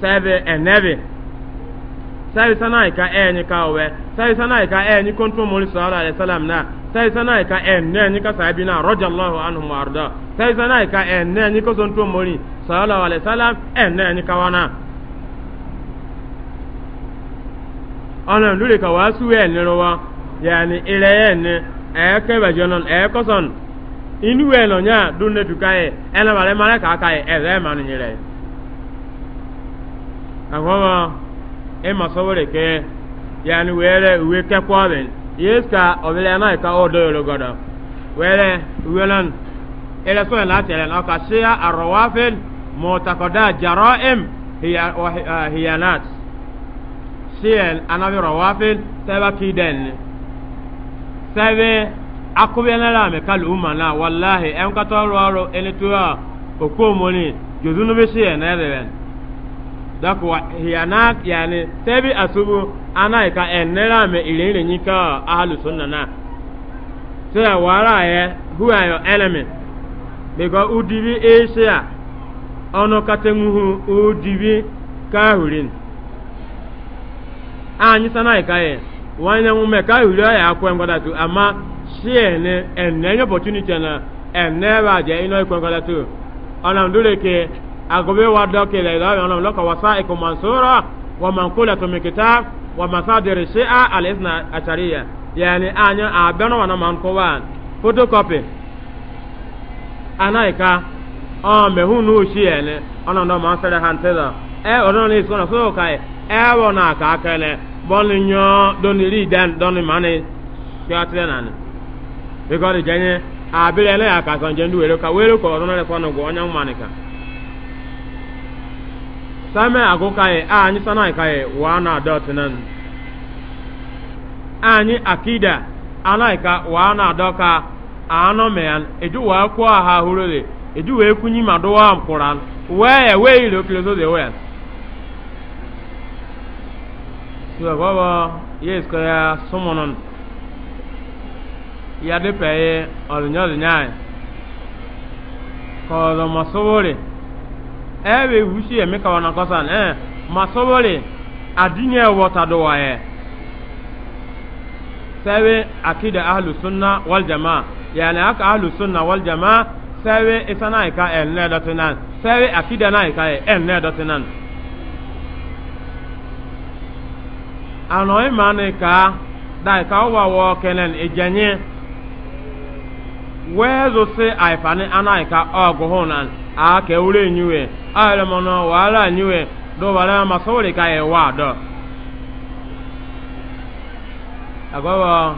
sɛbi ɛnɛbi sɛbi sanaa yi ka ɛɛnyi ka wɛ sɛbi sanaa yi ka ɛɛnyi kɔntun mɔri sɔɔla alayhi salam na sɛbi sanaa yi ka ɛnɛɛnyi ka saabi na rɔjallahu anhu arda sɛbi sanaa yi ka ɛnɛɛnyi ka sɔntun mɔri sɔɔla alayhi salam ɛnɛɛnyi ka wana. ɔnà lórí ka wàá suwé ɛnìrò wa yàni ilẹ̀ ɛnì ɛyɛ kɛbɛ jɔnɔn ɛyɛ kɔsɔn inú wẹ̀ lɔnyà dúnlẹ̀ tukà yɛ ɛnabàlẹ̀ mara kàkà yɛ agwama e ike ya na were uwe kekwaben yes ka ya na ka odo yoro godo were uwe na ele so na tele na ka shia arwafil mutaqada jaraim hiya hiyanat shia anabi rawafil seba kiden sebe akubenela me kal umana wallahi en ka to ro ọrụ ene tuwa okomoni jozunu be shia na deben donc hiyana yani sebi asubu ana ka enera me ilere nyika ahlu sunna na so ya wara ye who are your enemy because udibi asia ono katenguhu udibi kahurin anyi sana ka ye wanya mume kahuri ya akwa ngwada tu ama sie ne enenye opportunity na enera je ino ikwa tu ona agobe wa doke la ilaha illa allah wasaiku mansura wa manqulatu min kitab wa masadir shi'a al isna ashariya yani anya abeno wana mankowa photocopy anaika o mehunu ushiene ona ndo mansere hanteza e ona ni sona so kai e wona ka kele bonu nyo doni ridan doni mane kyatrenane because jenye abirele aka sonje ndu wero ka wero ko ona le kono go onya manika same agụ kaye anyị sanai kaye wa na adọtinan anyị akida anaika wa na adọka anọ meyan eju wa kwọ ha hurule eju wee kunyi ma dụwa mkpụran wee wee ile okile zoze wee so ya yes ko ya sumonon ya de pe ọlụnyọlụnyọ anyị kọlọmọsowore ewe wusi eme ka wana kosan eh masowole adini wota do waye sawe akida ahlu sunna wal jamaa yani aka ahlu sunna wal jamaa sawe isana ka enne dotinan sawe akida na ka enne dotinan anoi mane ka dai ka wa wo kenen ejanye wezo se aifani anaika ogohonan a ke ure nyuwe a le wala wa ala nyuwe do wala masore ka e wa do agogo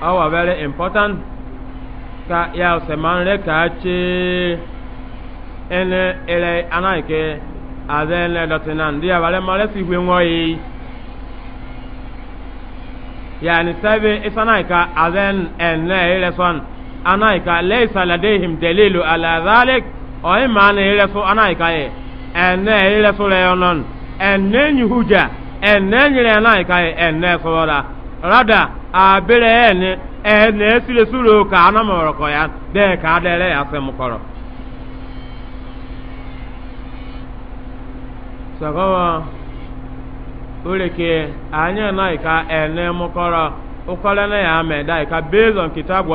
awa very important ka ya seman le ka che ene ele anaike azene dotinan ma wale male si hwe ngoyi yani sabe isanaika azen enne ile son anaika laysa ladayhim dalilu ala dhalik o imana e ilesu e anaika ye ene ilesu e leonon ene nyuhuja ene nyire anaika ye ene sora rada ene ene suru ya de ka ya se sagawa ulike anya anaika ene mukoro ukola ya me ka based on kitabu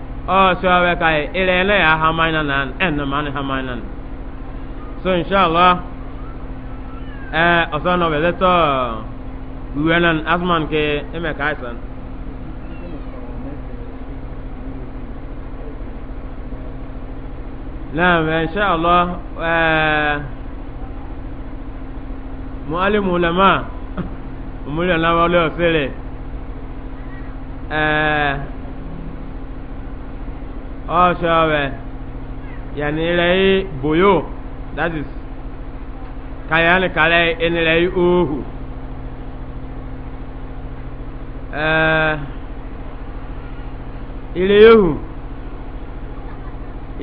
oh ọsọọbẹ ilele ilẹ̀ ẹlẹ́yà hamainan nan ẹnumani hamainan so inshallah eh ọsọọnà ọbẹ lẹtọ ìwé nan asman ke ẹmẹ kaisan. naam inshallah eh mualim ulama omuli ọ̀nà wọlé ọ̀sẹ̀rẹ̀ ẹ. ọ̀ṣọ́wẹ̀ yẹni ilẹ̀ yìí bòyó that is kàyáni kàlẹ́ ẹnilẹ̀ yìí òhù ilẹ̀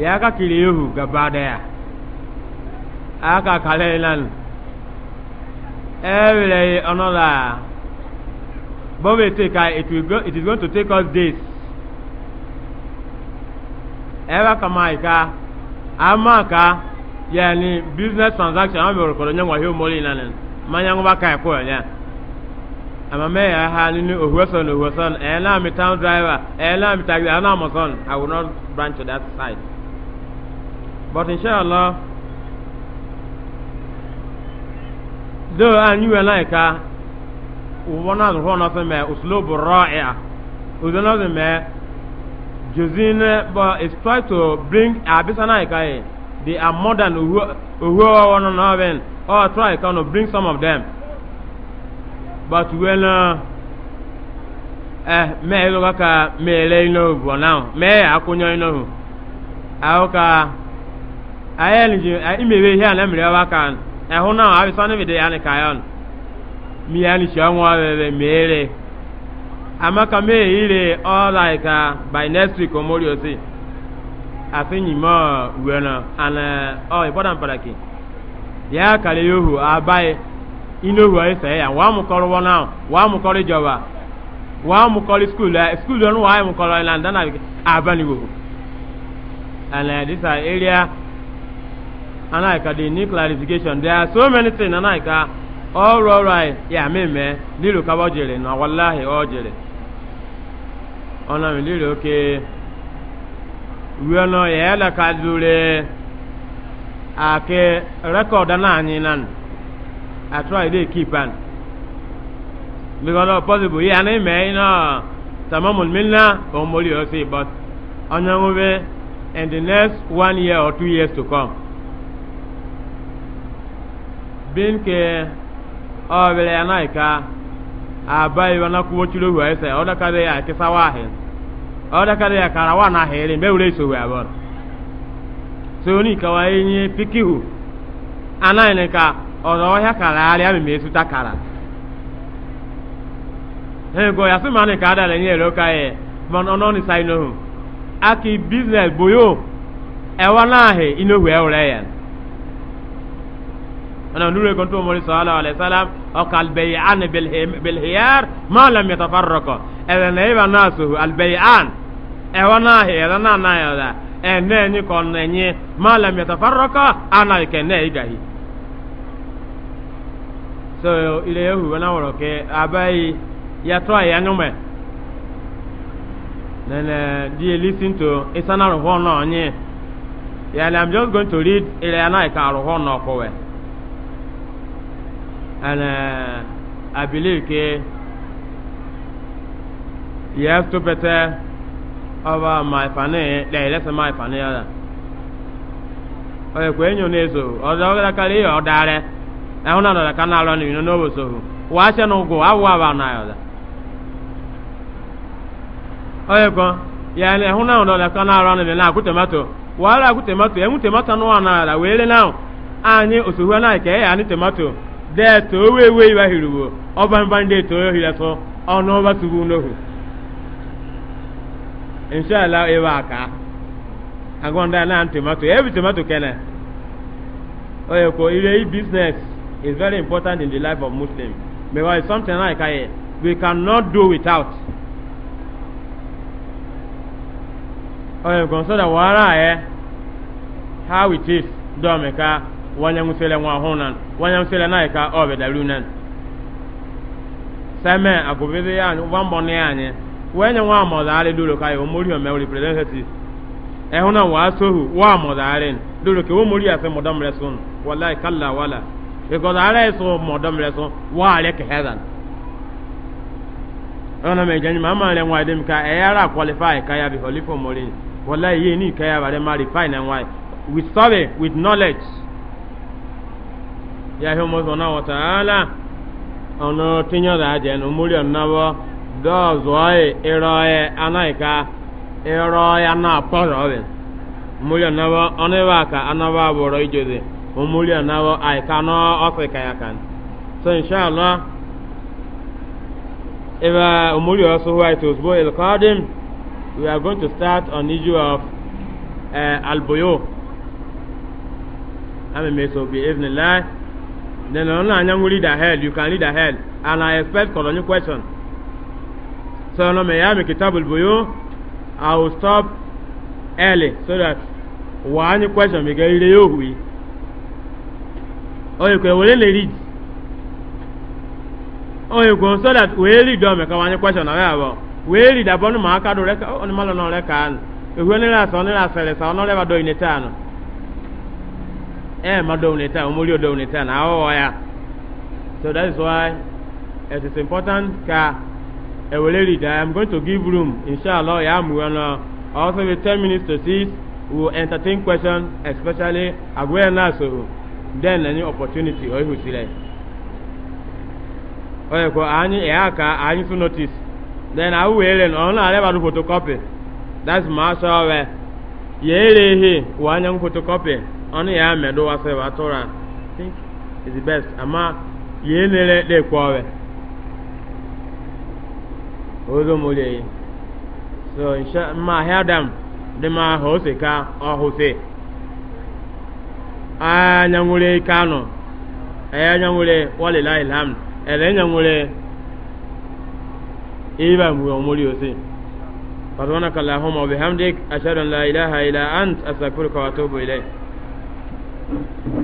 ya aka ka kiri yòhù gaba aka kàlẹ́ ìlànà ẹ̀rẹ̀ ọ̀nọ́là bọ́bẹ̀ tẹ̀ ka it is going to take us days. ewa kama ika ama ka yani business transaction ama bɛrɛ kɔrɔ nyɛŋwa hiu mɔli na nin ma nyɛŋwa ama mɛ ya ha ni ni ohuwa ni ohuwa eh, mi town driver ɛyɛ eh, naa mi taxi ɛyɛ eh, i will not branch to that side but inshallah do an yi wɛ naa ika wɔn naa zɔn fɔ na fɛn Josine but is try to bring abisana ikaye they are more than who one another or try to bring some of them but when uh, eh me lo ka uh, me le no bo now me akunyo no aw ka ayel ji imewe here na mre wa kan e now abisana bi de ani kayon mi ani shawo wa be mere amaka mee ire ọla uh, by next week omori osi asi nyimọ wena ana ọ ịbọda mparaki ya kare yohu abai inohu ayi sẹ ya wa mu kọrọ wọn náà wa mu kọrọ ìjọba wa mu skul ẹ skul yẹn wa mu kọrọ ẹnna ndana abani wo ana disa area anaika ka new need clarification there are so many things anaika all ọrụ ọrụ anyị ya mmemme n'ilu kaba ọ jere na wallahi ọ jere. ona mi liro ke wiono ye la ka zure ake record na anyi nan i try dey keep an because of possible yi ani me ina tamamul minna ko mori o si but onye in the next one year or two years to come bin ke ọ bere ya na ika abai wana kuwo chulo huwa ese oda kare ya kisa wahe oda kare ya karawa na hele mbe ule iso huwa bora so ni kawa piki hu ana ene ka odo ohia kara ari ami mesu takara he go ya se mane ka ada lenye ro ka e mon ino hu sai no aki business boyo e wana he ino huwa ure ya ana nure kon to mori sallallahu alaihi wasallam o kal bay'an bil hiyar ma lam yatafarraqa ela ne nasu al bay'an e wana he na na ya e ne ni kon ne ni ma lam yatafarraqa ana ke ne igahi so ile yehu wana woro ke abai ya to ya nyume nene die listen to isana ro ho no onye yeah i'm just going to read ile ana ka ro ho no ko we and uh, I believe ke you have to better over my fane le less my fane ya oye kwe nyo nezo ozo gara kare yo dare e huna no ka na lo ni no no so wa se no go awu aba na yo oye ko ya ne huna no da ka na lo ni na ku tomato wa ra ku tomato e mu tomato no na ra we le na anyị osohu anaghị ka e ya anyị tomato dee too wee wee ba hiruwo ọbanban dee too hira so ọnụ ọba tubu n'ohu inshallah ebe eh, aka agwanda na tomato every tomato kene oye ko ire business is very important in the life of muslim because it's something like I, we cannot do without oye oh, consider wara eh how it is domeka wanyang sele wa honan wanyang sele na ka obe dalunan seme agobede ya anyu wambo ne anye wenye wa modare kai o mori o meuri presentati e hona wa sohu wa modare duro ke o mori afi modam reson wallahi kalla wala because ala so modam reson wa ale ke hedan ona me jani mama wa dem ka e ara qualify ya bi holifo mori wallahi ye ni bare mari fine and why we solve with yahi mo na wata ala ono tinyo da je no muri na bo do zoe eroe anaika eroe na poro be muri na bo one wa ka anaba boro ijode o muri na bo ka no ofika ya kan so inshallah eba umuri also who it was boil qadim we are going to start on issue of uh, eh, albuyo I'm a mess of the evening life then on anya nguri da hell you can read the and i expect colony question so no me ya me kitabul buyu i will stop early so that wa any question me get ire yo hui you ko wele le read you ko so that we read do me ka any question na ya bo we read abonu ma aka do reka on malo no reka an ehwe ni la so ni la sele sa no le ba do ni eh ma do ne ta umuri na o ya so that is why it is important ka e wele i am going to give room inshallah ya mu na also with 10 minutes to sit who will entertain questions especially na so then any opportunity or you see like oye ko anyị ya ka anyị so notice then ahụ will na ọ a arịabadụ photocopy that's ma asọ ọwe ya ere ihe wụ anya photocopy ọnụ ya medo wasa ba think is the best ama ye nere de kwawe ozo mole so insha ma hadam de ma hose ka kano anya nwure walilahi alhamd nwere anya nwure iba mu omuri ose سبحانك اللهم وبحمدك أشهد أن لا إله إلا أنت أستغفرك وأتوب إليك Thank you.